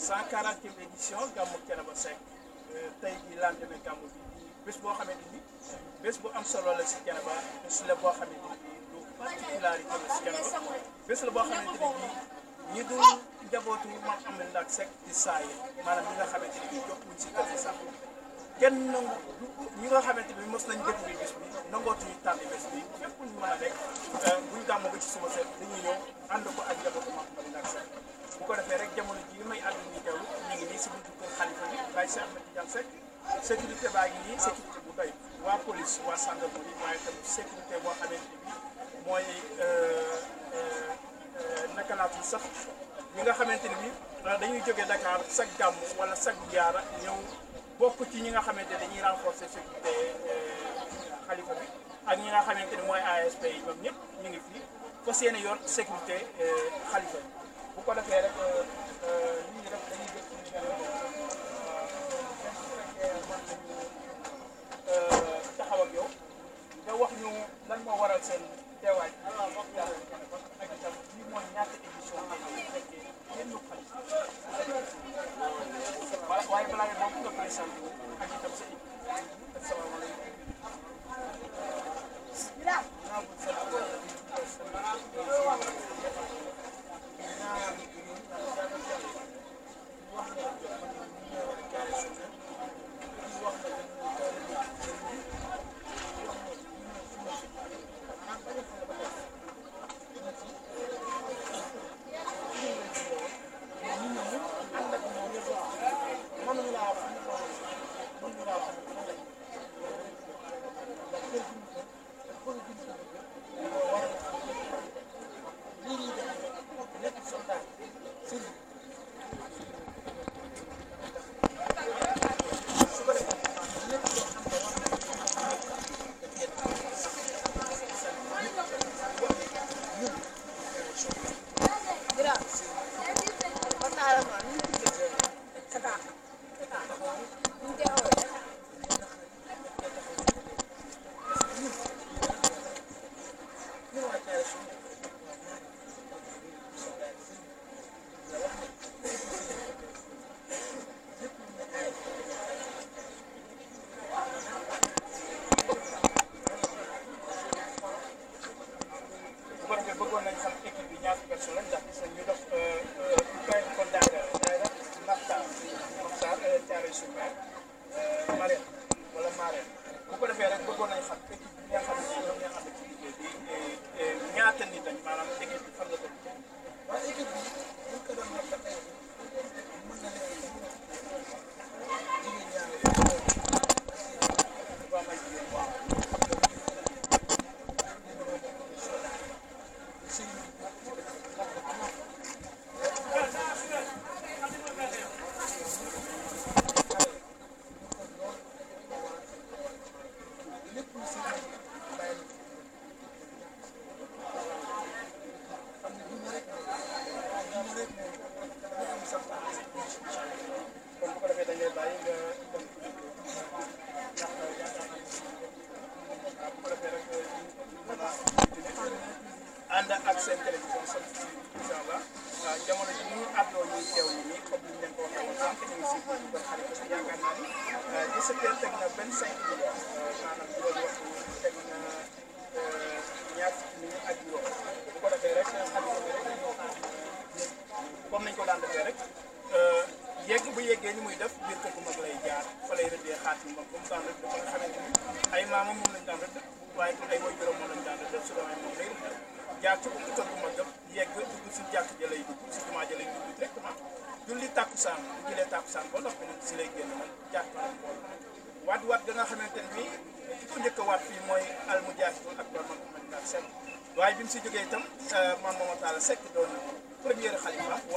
140e édition gàmmu Thiénaba Seck euh, tey jii lendemain gàmmu bi di bés boo xamante ni bés bu am solo la si Thiénaba bés la boo xamante ni du particularité la boo xamante ni bii ñi dul njabootu am na Ndack Seck di saaye maanaam ñi nga xamante ni bii jokkuñ si kër gi sax kenn nangu ñi nga xamante ni mos nañ déglu bés bi yi tànn bés bi fépp ñu mën a nekk euh, buñ gàmmu ba ci suba set dañuy ñëw ànd ko ak njabootu Mame Amary Ndack Seck bu ko defee rek jamono ji may àdduna yi teewlu ñu ngi nii si buntu kër bi bàyyi Cheikh Ahmed Tidiane Seck sécurité baa ngi nii sécurité bu doy waa police waa gendarmerie waaye tamit sécurité boo xamante bi mooy euh, euh, euh, naka laa tudd sax ñu nga xamante ni bi dañuy jógee Dakar sag gàmmu wala chaque ziyaara ñëw bokk ci ñi nga xamante dañuy renforcer sécurité xalifa bi ak ñi nga xamante ni mooy ASP yi ñoom ñëpp ñu ngi fii fas yoon sécurité xalifa ko defee rek li ñu def dañuy jot suñu benn bopp su fekkee euh, euh, mën nañu taxaw ak yow nga wax ñu lan moo waral seen teewaay ak itam lii mooy ñaata émission bi nga fekkee kenn xam waaye balaa nga bokk nga koy sant ak itam sa liggéey bi muy def biir kër gu mag lay jaar fa lay rëddee xaat bu mag bu mu daan rëdd ba nga xamante ni ay maamam moom lañ daan rëdd waaye ay way juróom moom lañ daan rëdd su doonee moom lay rëdd jaar ci buntu kër gu mag def yegg dugg si jàkk ja lay dugg si jumaa ja lay dugg directement julli tàkkusaan bu jëlee tàkkusaan ba noppi nag si lay génn nag jàkk nag bool waat nga xamante ni ki ko njëkk a fii mooy man waaye bi mu si jógee itam euh, man doon premier xalifa na ko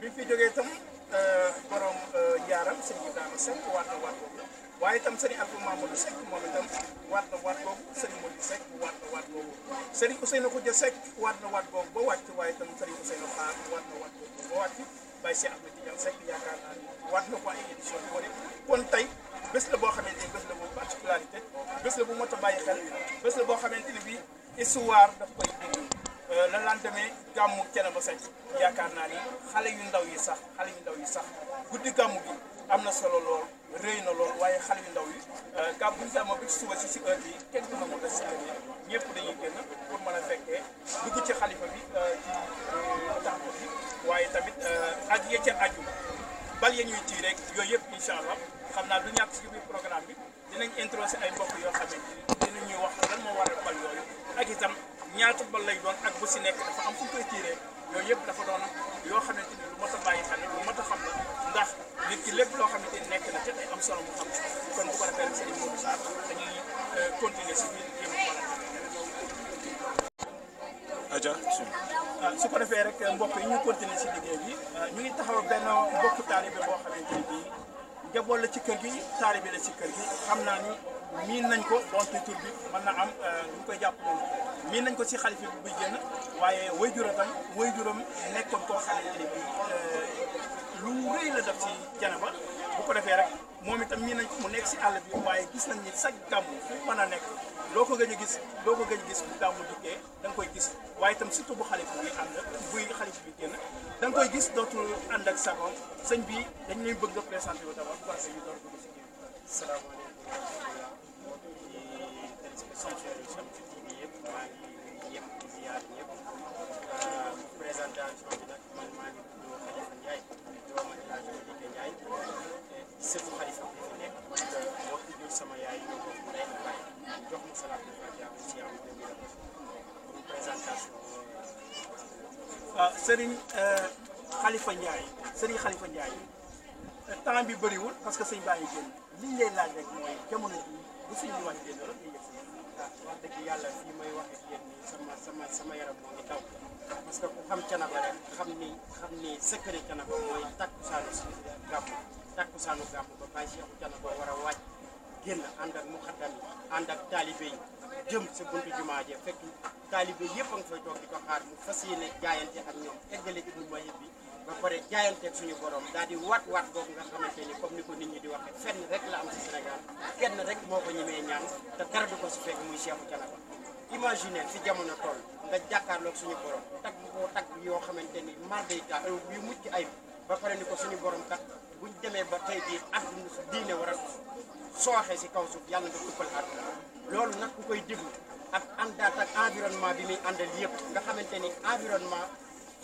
bi mu fi jógee itam Euh, borom jaaram euh, sëñ Ibrahima Seck waat na waat boobu waaye itam sëñ Abdou Mamadou Seck moom itam waat na waat boobu sëñ Modou Seck waat na waat boobu sëñ Ousseynou Koudia Seck waat na waat boobu ba wàcc waaye itam sëñ Ousseynou Xaar waat na waat boobu ba wàcc bàyyi si Ahmed Tidiane Seck yaakaar naa ne waat na ko ay édition boole kon tey bés la boo xamante ni bés la bu particularité bés la bu mot a bàyyi xel bés la boo xamante ni bii histoire daf koy déglu lan euh, le lendemain gàmmu Thiénaba Sadji yaakaar naa ni xale yu ndaw yi sax xale yu ndaw yi sax guddi gàmmu gi am na solo lool rëy na lool waaye xale yu ndaw yi gàmm bu ñu demoo ba ci suba si si heure bi kenn du nangu ñëpp dañuy génn pour a fekkee dugg ci xalifa bi euh, euh, waaye tamit aj ya ca aju bal ya ñuy tii rek yooyu yëpp incha allah xam naa du ñàkk ci biir programme bi dinañ introsé ay mbokk yoo xamante ni dinañ ñuy wax lan moo waral bal yooyu ak itam. ñaata ba lay doon ak bu si nekk dafa am fu koy tiiree yooyu yëpp dafa doon yoo xamante ni lu mat a bàyyi xel xam la ndax nit ki lépp loo xamante ni nekk na te day am solo mu xam kon bu ko defee sëriñ Modou Sarr dañuy euh, si biir jéem a euh, su ko defee rek mbokk yi ñu continuer si liggéey bi euh, ñu ngi taxaw benn mbokku taalibe boo xamante ni bii jabool la ci kër gi bi la ci kër gi xam naa ni miin nañ ko donte tur bi man na am mu euh, koy jàpp noonu miin nañ ko ci xalifa bi buy génn waaye wayjuram tam wayjuram nekkoon koo xamante ne bi euh, lu rëy la def ci Thiénaba bu ko defee rek moom itam mii nañ ko mu nekk si àll bi waaye gis nañ ni chaque gàmmu fu mën a nekk loo ko gëj a gis loo ko gëj a gis bu gàmmu dikkee da nga koy gis waaye itam surtout bu xalif bi ànd buy xalif bi génn da nga koy gis dootul ànd ak sagoom sëñ bi dañ lay bëgg a présenté wu d'abord parce que ñu door dugg si salaamaaleykum wa rahmatulah surtout xalifa bi fi nekk wax di jur sama yaay ñoo ko ndey ak jox ma salaat bi fatiha mu xalifa Ndiaye sëriñ bi bëriwul parce que sëñ bàyyi génn liñ lay laaj rek mooy jamono bi wax génn rek ñu yëg si ah, wax may wax ak nii sama sama sama yaram moo ngi taw parce ku xam canaba rek xam ni xam ni secret canaba mooy takku saa ne suñu gàmm takkusaanu gàmmu ba bàyyi Seexu Jànn ba war a wàcc génn ak muxaddam yi ak taalibe yi jëm sa buntu jumaa je fekk taalibe yëpp a fay toog di xaar mu fas jaayante ak ñoom eggale ibnu mayib bi ba pare jaayanteeg suñu borom nga comme nit ñi di fenn rek la am ci Sénégal kenn rek moo ko ñaan te dara ko si fekk muy Seexu Jànn ba imaginer fi jamono toll nga suñu borom yu mucc ba pare ni ko suñu borom kat buñ démé ba tay di àdduna su diine war a sooxe si kaw suuf yàlla nga tukkal ak loolu nak ku koy déglu ak àndaat ak environnement bi muy andal yépp nga xamanteni environnement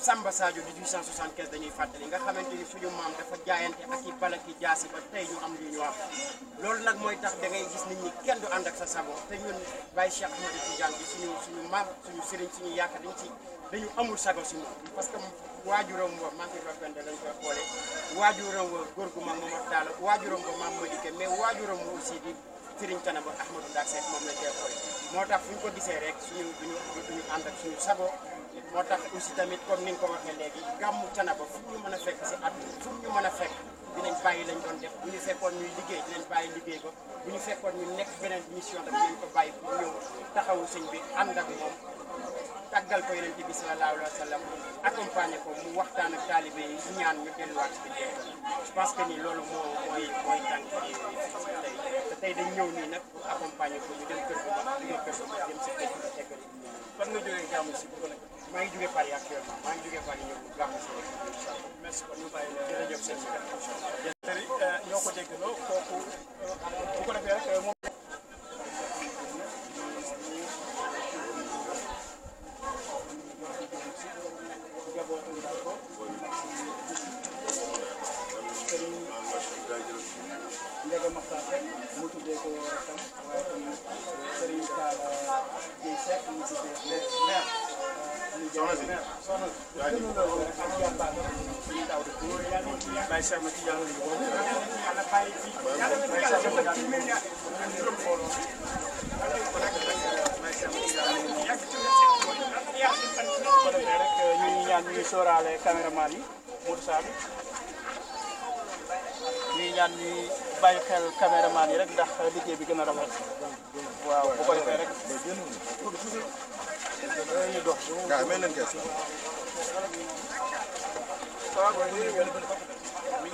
Samba Sadio di 1875 dañuy fàttali nga xamanteni suñu maam dafa jaayante ak i balaki jaasi ba tey ñu am li ñu wax loolu nag mooy tax da ngay gis nit ñi kenn du ànd ak sa sabo te ñun Baye Cheikh Ahmadou Tidiane bi suñu suñu maam suñu sëriñ suñu yaakaar dañ ci dañu amul sago si moom parce que waajuram wa maam Ibra Penda lañ koy xoole waajuram wa góor gu mag Momar Talla waajuram wa maam Madike mais waajuram wa aussi di Sëriñ Thiénaba Ahmadou Ndak Seck moom lañ koy xoole moo tax fu ñu ko gisee rek suñu duñu duñu ànd ak suñu sago moo tax aussi tamit comme ni nga ko waxee léegi gàmmu Thiénaba fu ñu mën a fekk si at fu ñu mën a fekk dinañ bàyyi lañ doon def bu ñu fekkoon ñuy liggéey dinañ bàyyi liggéey ba bu ñu fekkoon ñu nekk beneen mission daf dinañ ko bàyyi bu ñëw taxawu sëñ bi ànd ak moom tàggal ko yonent bi sallallahu alayhi wa sallam mu waxtaan ak taalibe yi ñaan ñu delluwaat ci dee que nii loolu moo mooy mooy tànk yi tey te tey dañ ñëw nii nag pour accompagner ko dem kër bu mag dem kër bu nga jógee gàmmu si bu maa ngi jógee Paris actuellement maa ngi jógee Paris ñëw gàmmu si merci kon ñu bàyyi ñoo ko dégg loo kooku bu bàyyi xel caméraman yi rek ndax liggéey bi gën a rafet waaw bu ko defee rek mi ngi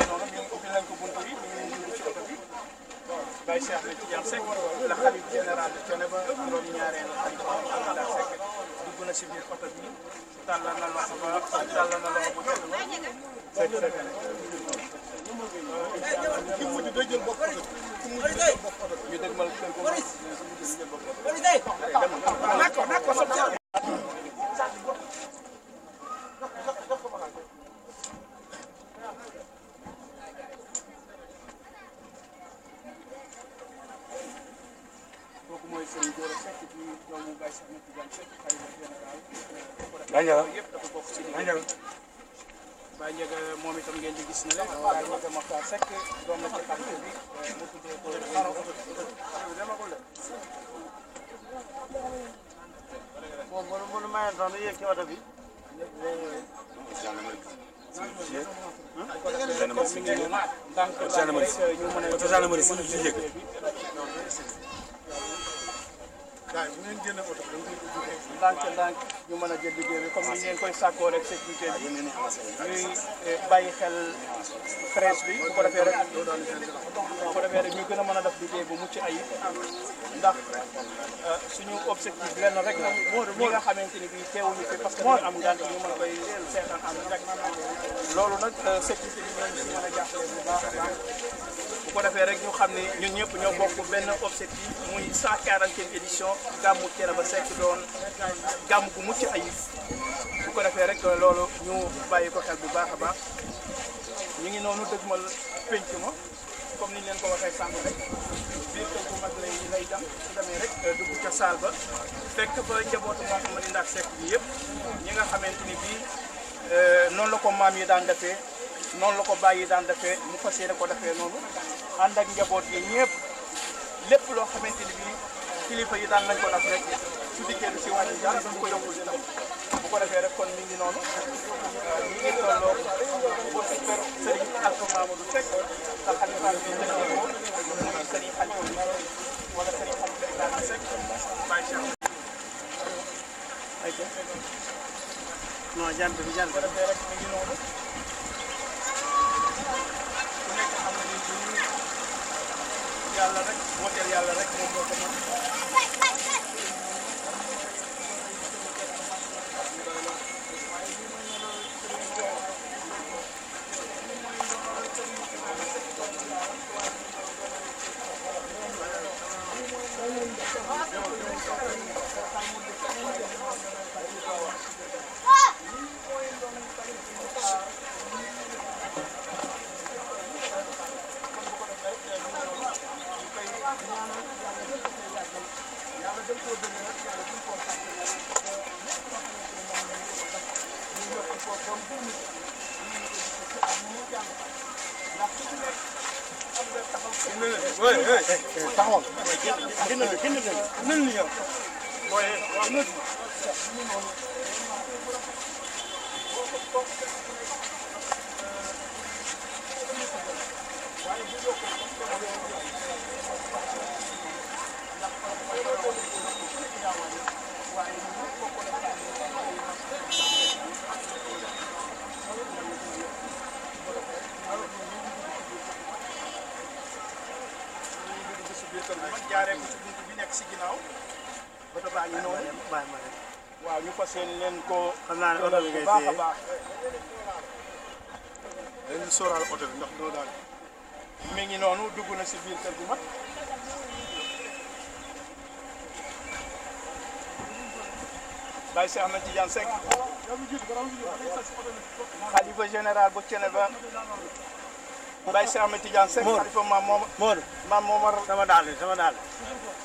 noonu ñu ubbi leen ko buntu yi mi ngi dugg ci oto bi Baye Cheikh na Tidiane Seck la xalif général de Thiénaba juróom ñaareelu xalif Abdoulaye Seck dugg na si biir oto bi tàllal na loxo ba tàllal na loxo bu ki mujj day jël bopp oto ki mujj day jël bopp oto ñu donc ñu mën a. gars yi bu ngeen jëlee oto bu ngeen ko jugee ndànk ndànk ñu a jël liggéey bi comme ni ngeen koy sàkkoo rek sécurité bi ñuy eh, bàyyi xel presse bi bu ko defee rek bu ko defee rek ñu gën a mën a def liggéey bu mucc ayib ndax eh, suñu objectif lenn rek la ñi nga xamante ni bii teewuñu fi parce que dañu am gànt ñu mën koy seetaan am rek loolu nag sécurité eh, bi ñoom si mën a jàppale bu baax a baax bu ko defee rek ñu xam ne ñun ñëpp ñoo bokk benn objectif muy 140e édition gàmmu Thiénaba Seck doon gàmm gu mucc ayib bu ko defee rek loolu ñu bàyyi ko xel bu baax a baax ñu ngi noonu dëgmal pénc ma comme niñ leen ko waxee sànq rek biir kër mag lay lay dem su demee ca saal ba fekk ba njabootu Mame Maty Ndack Seck bi yëpp ñi nga xamante ni bii euh, noonu la ko maam yi daan defee. noonu la ko bàyyi daan defee mu fas yéene ko defee noonu ànd ak njaboot yi ñëpp lépp loo xamante ni bii kilifa yi daan nañ ko def rek su dikkee lu si wàññi daan duñ ko yokkul itam bu ko defee rek kon mi ngi noonu ñu ngi tolloo ko si kër sëriñ Alfa Mamadou Seck ndax xalifaan bi njëkk na ko muy sëriñ Aliou wala sëriñ Abdou Ibrahima Seck bàyyi Cheikh non jant bi jant bi rek mi ngi noonu yàlla rek wooteel yàlla rek moom moo ko mën waaye bu yokk kër bu bi nekk si ginnaaw waaw ñu fas yéene leen ko xam naa ne oto bi ngay téye mi ngi noonu dugg na si biir kër bu mag Baye Cheikh na ci Jaan Seck xalifa général bu Thiénaba Baye Cheikh Ahmed Tidiane Seck xalifa maam moom Modou maam moom war sama daal bi sama daal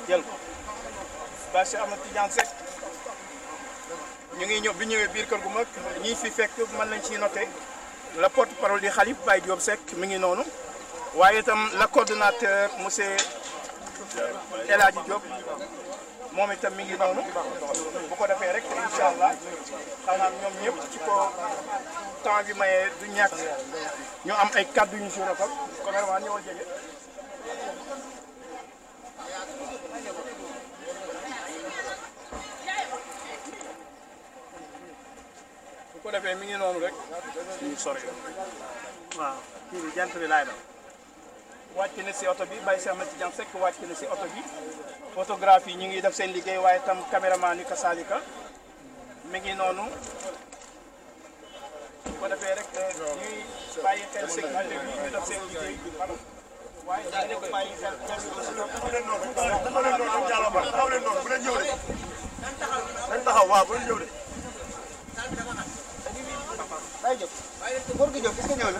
jël ko Baye Cheikh Ahmed Tidiane Seck ñu ngi ñëw bi ñëwee biir kër gu mag ñii fi fekk man nañ ci noté la porte parole di xalif Baye Diop Seck mi ngi noonu waaye itam la coordonnateur monsieur El Hadji Diop moom itam mi ngi noonu bu ko defee rek incha allah xanaa ñoom ñëpp ci ko temps bi mayee du ñàkk ñu am ay kàddu ñu si rafet cameraman ñëwal jege bu ko defee mi ngi noonu rek ñu sori waaw kii bi jant bi laay doon wàcc na si oto bi bàyyi seex na ci jant sekk wàcc na si oto bi photographie yi ñu ngi def seen liggéey waaye tam caméraman yi kasaalika mi ngi noonu bu ko defee rek euh, ñuy bàyyi xel sécurité bi ñu def seen liggéey xam waaye dañ ko bàyyi xel bu leen noonu bu leen noonu dañ jàll ba taxaw leen noonu bu leen ñëw de dañ taxaw waaw bu leen ñëw de bàyyi jóg góor gi jóg gis nga ñëw na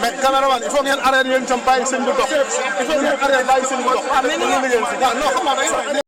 mais caméraman il faut ngeen arrêté yéen itam bàyyi seen bi dox il faut ngeen arrêté bàyyi seen bi dox.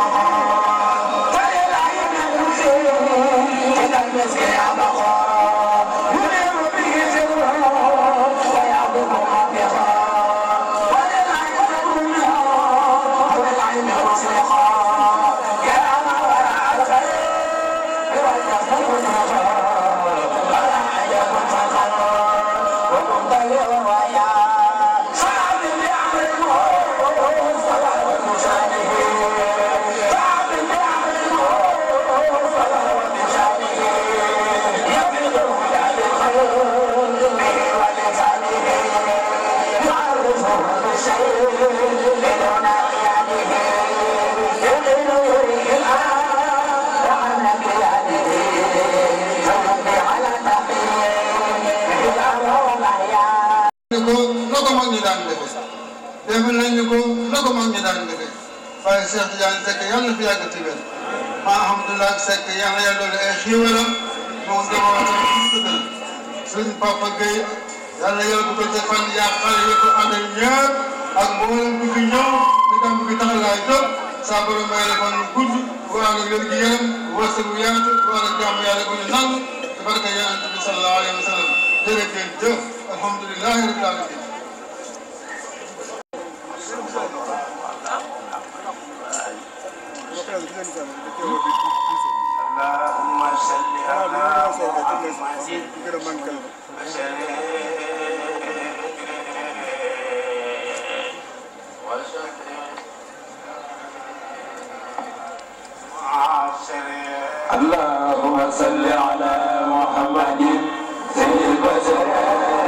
Thank you. Cheikh Tidiane Seck yal na fi yàgg ci wér maa alhamdulilah Seck yal na yàlla doon ay xiiwalam moom dama wax ak suñu dëggal suñ Papa Gueye yal na yàlla ko ca fan yaa xale yi ko amee ñëpp ak mboolem bi fi ñëw di dem bi tax laa jóg saa borom may la fan yu gudd war a wér gi yaram wërsëg bu yaatu war a jàmm yàlla bu ñu nangu ci barke yonent bi sallallahu alayhi wa sallam jërëjëf alhamdulilah rabbil alamin اللهم صل على محمد سيد البشر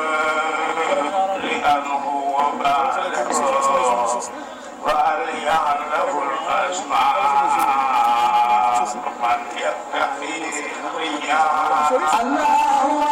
له الأسماء من يتقي الله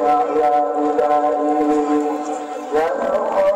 يا إلهي يا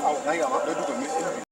哦，哪个？我这个。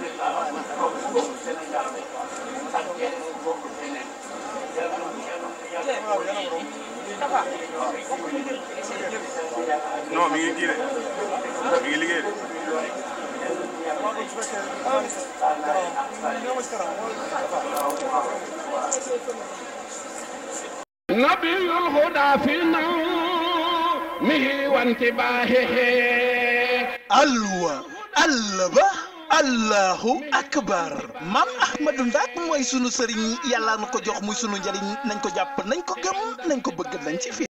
No, Miguel quiere. Miguel quiere. نبي الهدى في نومه وانتباهه الوى البه allahu akbar Mam ahmadu ndak moy sunu serigne yalla nako jox moy sunu njariñ nañ ko japp nañ ko gem nañ ko bëgg nañ ci